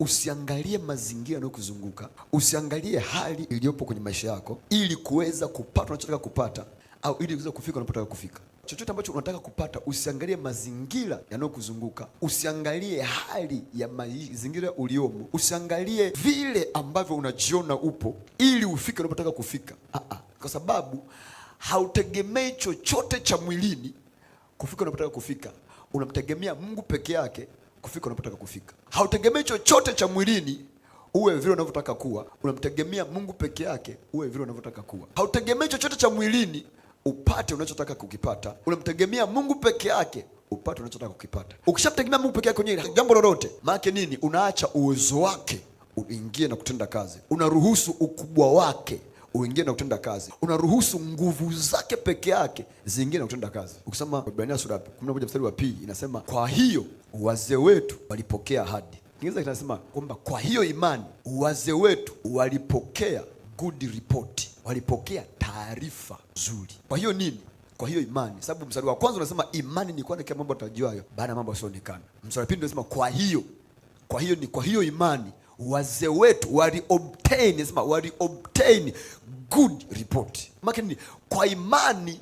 Usiangalie mazingira yanayokuzunguka, usiangalie hali iliyopo kwenye maisha yako ili kuweza kupata unachotaka kupata, au ili kuweza kufika unapotaka kufika. Chochote ambacho unataka kupata, usiangalie mazingira yanayokuzunguka, usiangalie hali ya mazingira uliomo, usiangalie vile ambavyo unajiona upo ili ufike unapotaka kufika. Aa, kwa sababu hautegemei chochote cha mwilini kufika unapotaka kufika, unamtegemea Mungu peke yake kufika unapotaka kufika. Hautegemei chochote cha mwilini uwe vile unavyotaka kuwa, unamtegemea Mungu peke yake uwe vile unavyotaka kuwa. Hautegemei chochote cha mwilini upate unachotaka kukipata, unamtegemea Mungu peke yake upate unachotaka kukipata. Ukishamtegemea Mungu peke yake kwenye jambo lolote, maana nini? Unaacha uwezo wake uingie na kutenda kazi, unaruhusu ukubwa wake uingie na kutenda kazi, unaruhusu nguvu zake peke yake ziingie na kutenda kazi. Ukisoma Waebrania sura 11 mstari wa pili inasema kwa hiyo wazee wetu walipokea ahadi. Kiingereza kinasema kwamba kwa hiyo imani wazee wetu walipokea good report, walipokea taarifa nzuri. Kwa hiyo nini? Kwa hiyo imani, sababu mstari wa kwanza unasema imani ni kuona kila mambo atarajiwayo baada ya mambo yasioonekana. Mstari wa pili unasema kwa hiyo, kwa hiyo ni kwa hiyo imani wazee wetu wali obtain, nasema wali obtain good report. Makini, kwa imani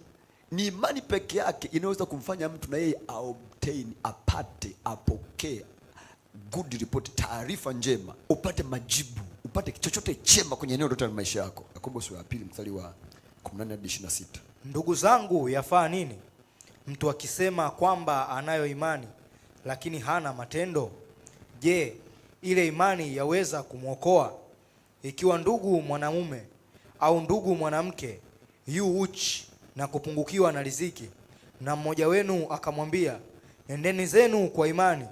ni imani peke yake inaweza kumfanya mtu na yeye aobtain, apate, apokee good report, taarifa njema, upate majibu, upate chochote chema kwenye eneo lote la maisha yako. Yakobo sura ya pili mstari wa 18 hadi 26. Ndugu zangu, yafaa nini mtu akisema kwamba anayo imani lakini hana matendo? Je, ile imani yaweza kumwokoa? Ikiwa ndugu mwanamume au ndugu mwanamke yu uchi na kupungukiwa na riziki, na mmoja wenu akamwambia, nendeni zenu kwa imani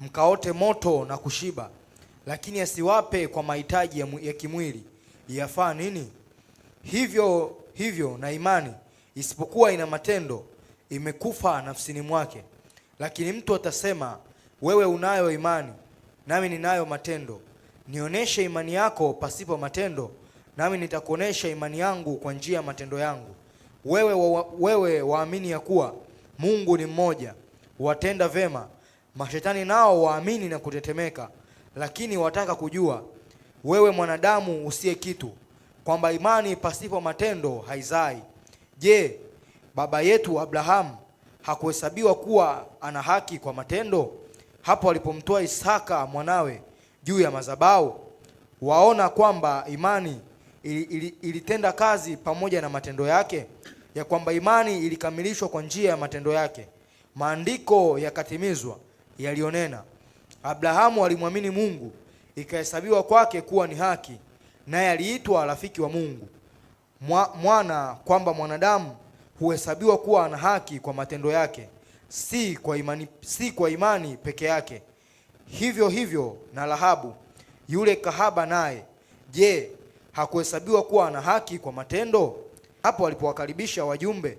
mkaote moto na kushiba, lakini asiwape kwa mahitaji ya, ya kimwili, yafaa nini? Hivyo hivyo na imani isipokuwa ina matendo imekufa nafsini mwake. Lakini mtu atasema, wewe unayo imani, nami ninayo matendo. Nionyeshe imani yako pasipo matendo, nami nitakuonesha imani yangu kwa njia ya matendo yangu. Wewe wa, wewe waamini ya kuwa Mungu ni mmoja, watenda vema. Mashetani nao waamini na kutetemeka. Lakini wataka kujua wewe mwanadamu usiye kitu, kwamba imani pasipo matendo haizai. Je, baba yetu Abrahamu hakuhesabiwa kuwa ana haki kwa matendo, hapo alipomtoa Isaka mwanawe juu ya mazabau Waona kwamba imani ilitenda kazi pamoja na matendo yake, ya kwamba imani ilikamilishwa kwa njia ya matendo yake, maandiko yakatimizwa yaliyonena, Abrahamu alimwamini Mungu, ikahesabiwa kwake kuwa ni haki, naye aliitwa rafiki wa Mungu. Mwana kwamba mwanadamu huhesabiwa kuwa ana haki kwa matendo yake, si kwa imani, si kwa imani peke yake. Hivyo hivyo na Rahabu yule kahaba naye. Je, hakuhesabiwa kuwa ana haki kwa matendo. Hapo alipowakaribisha wajumbe,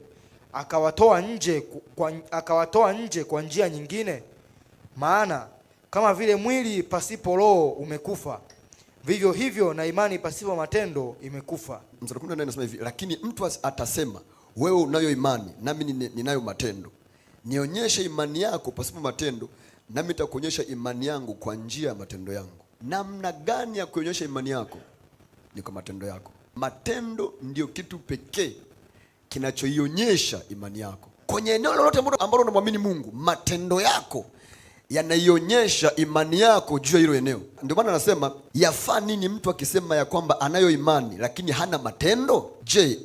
akawatoa nje kwa, akawatoa nje kwa njia nyingine. Maana kama vile mwili pasipo roho umekufa, vivyo hivyo na imani pasipo matendo imekufa. hivi, lakini mtu atasema wewe unayo imani, nami ninayo matendo. Nionyeshe imani yako pasipo matendo, nami nitakuonyesha imani yangu kwa njia ya matendo yangu. Namna gani ya kuonyesha imani yako? ni kwa matendo yako. Matendo ndiyo kitu pekee kinachoionyesha imani yako kwenye eneo lolote ambalo unamwamini Mungu. Matendo yako yanaionyesha imani yako juu ya hilo eneo. Ndio maana anasema yafaa nini mtu akisema ya kwamba anayo imani lakini hana matendo? Je,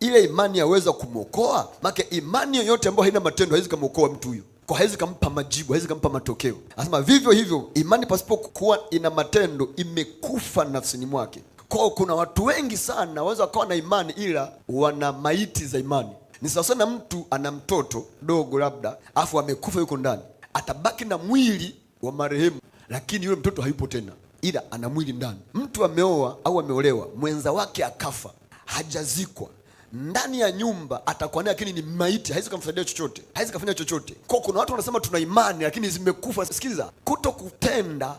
ile imani yaweza kumwokoa? Maana imani yoyote ambayo haina matendo haiwezi kumwokoa mtu huyo, kwa haiwezi kumpa majibu, haiwezi kumpa matokeo. Anasema vivyo hivyo imani pasipokuwa ina matendo imekufa nafsini mwake kwao. Kuna watu wengi sana waweza wakawa na imani ila wana maiti za imani. Ni sawa sana, mtu ana mtoto dogo labda afu amekufa yuko ndani, atabaki na mwili wa marehemu, lakini yule mtoto hayupo tena, ila ana mwili ndani. Mtu ameoa au ameolewa, mwenza wake akafa, hajazikwa ndani ya nyumba atakuwa naye, lakini ni maiti, haizi kumsaidia chochote, haizi kufanya chochote. Kwa kuna watu wanasema tuna imani lakini zimekufa. Sikiliza, kuto kutenda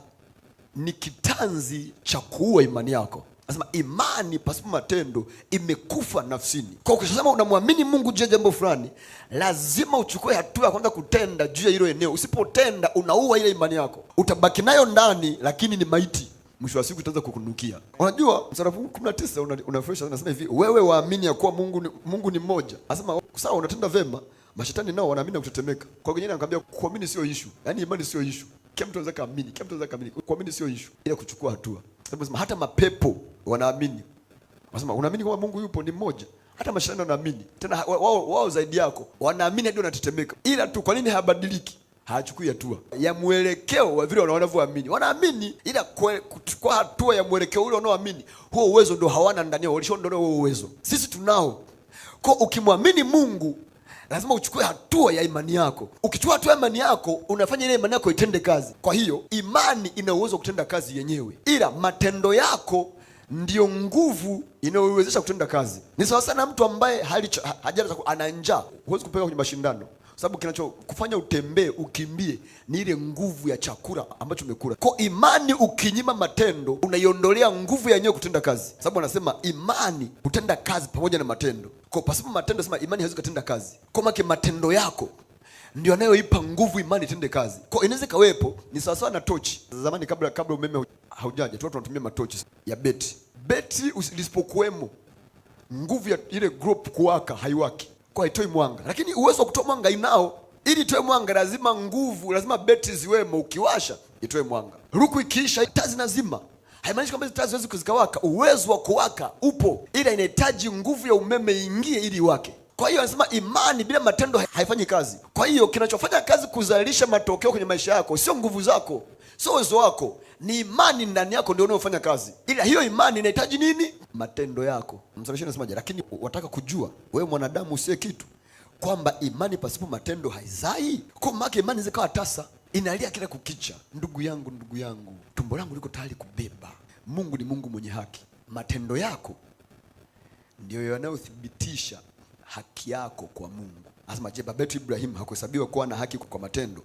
ni kitanzi cha kuua imani yako. Anasema imani pasipo matendo imekufa nafsini. Kwa ukisema unamwamini Mungu juu ya jambo fulani, lazima uchukue hatua ya kwanza kutenda juu ya hilo eneo. Usipotenda unaua ile imani yako, utabaki nayo ndani, lakini ni maiti. Mwisho wa siku itaanza kukunukia. Unajua mstari wa 19 una, una anasema hivi, wewe waamini ya kuwa Mungu ni, Mungu ni mmoja. Anasema sawa, unatenda vema, mashetani nao wanaamini na kutetemeka. Kwa hiyo anakuambia kuamini sio issue, yaani imani sio issue. Kila mtu anaweza kaamini, kila mtu anaweza kaamini. Kuamini sio issue, ila kuchukua hatua. Sema, hata mapepo wanaamini, wanasema unaamini kwamba Mungu yupo ni mmoja hata mashindano wanaamini tena wao, wao zaidi yako wanaamini hadi wanatetemeka, ila tu kwa nini habadiliki? Hachukui hatua ya mwelekeo wa vile wanavyoamini. Wanaamini ila kwa hatua ya mwelekeo ule wanaoamini, huo uwezo ndo hawana ndani yao, walishaondolewa huo uwezo. Sisi tunao. Kwa ukimwamini Mungu lazima uchukue hatua ya imani yako. Ukichukua hatua ya imani yako, unafanya ile imani yako itende kazi. Kwa hiyo imani ina uwezo wa kutenda kazi yenyewe, ila matendo yako ndiyo nguvu inayowezesha kutenda kazi. Ni sawa sana mtu ambaye hajala ana njaa, huwezi kupeleka kwenye mashindano sababu kinachokufanya utembee ukimbie ni ile nguvu ya chakula ambacho umekula. Kwa imani, ukinyima matendo, unaiondolea nguvu yenyewe kutenda kazi, sababu anasema imani hutenda kazi pamoja na matendo. Kwa pasipo matendo, sema imani haiwezi kutenda kazi. Kwa maana matendo yako ndio anayoipa nguvu imani itende kazi. Kwa inaweza kawepo ni sawasawa na tochi zamani, kabla kabla umeme haujaja tu wanatumia matochi ya beti. Beti lisipokuwemo nguvu ya ile group kuwaka haiwaki, kwa haitoi mwanga, lakini uwezo wa kutoa mwanga inao. Ili itoe mwanga lazima nguvu, lazima beti ziwemo, ukiwasha itoe mwanga. Ruku ikiisha taa zinazima. Haimaanishi kwamba taa ziwezi kuzikawaka, uwezo wa kuwaka upo, ila inahitaji nguvu ya umeme iingie ili iwake. Kwa hiyo anasema imani bila matendo haifanyi kazi. Kwa hiyo kinachofanya kazi kuzalisha matokeo kwenye maisha yako sio nguvu zako, sio uwezo wako, ni imani ndani yako ndio unayofanya kazi, ila hiyo imani inahitaji nini? Matendo yako. Msamishi anasemaje? Lakini wataka kujua wewe mwanadamu usiye kitu kwamba imani pasipo matendo haizai. Kwa maana imani zikawa tasa, inalia kila kukicha, ndugu yangu, ndugu yangu, tumbo langu liko tayari kubeba. Mungu ni Mungu mwenye haki. Matendo yako ndio yanayothibitisha haki yako kwa Mungu. Anasema je, baba yetu Ibrahimu hakuhesabiwa kuwa na haki kwa matendo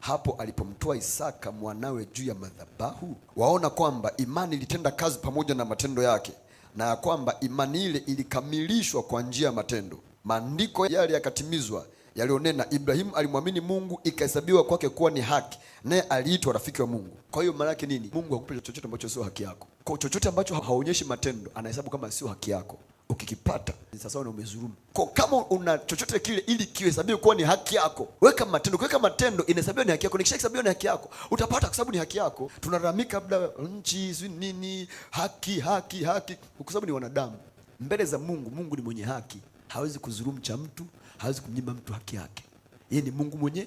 hapo alipomtoa Isaka mwanawe juu ya madhabahu? Waona kwamba imani ilitenda kazi pamoja na matendo yake na ya kwamba imani ile ilikamilishwa kwa njia ya matendo. Maandiko yale yakatimizwa yalionena, Ibrahimu alimwamini Mungu, ikahesabiwa kwake kuwa ni haki, naye aliitwa rafiki wa Mungu. Kwa hiyo maana yake nini? Mungu hakupe chochote ambacho sio haki yako. Kwa chochote ambacho haonyeshi matendo, anahesabu kama sio haki yako ukikipata sasa una umezulumu. Kwa kama una chochote kile, ili kihesabiwe kuwa ni haki yako, weka matendo. Kuweka matendo inahesabiwa ni haki yako, nikishahesabiwa ni haki yako utapata, kwa sababu ni haki yako. Tunalalamika labda nchi si nini, haki haki haki, kwa sababu ni wanadamu. Mbele za Mungu, Mungu ni mwenye haki, hawezi kuzurumu cha mtu, hawezi kumnyima mtu haki yake. Yeye ni Mungu mwenye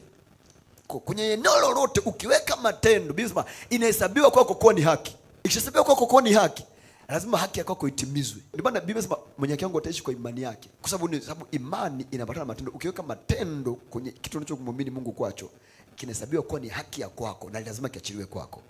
kwa kwenye eneo lolote ukiweka matendo, Biblia inasema inahesabiwa kwako kuwa ni haki. Ikishahesabiwa kwako kuwa ni haki lazima haki ya kwako itimizwe. Ndio maana Biblia inasema mwenye haki wangu ataishi kwa imani yake, kwa sababu ni sababu imani inapatana na matendo. Ukiweka matendo kwenye kitu unachomwamini Mungu kwacho, kinahesabiwa kuwa ni haki ya kwako na lazima kiachiliwe kwako.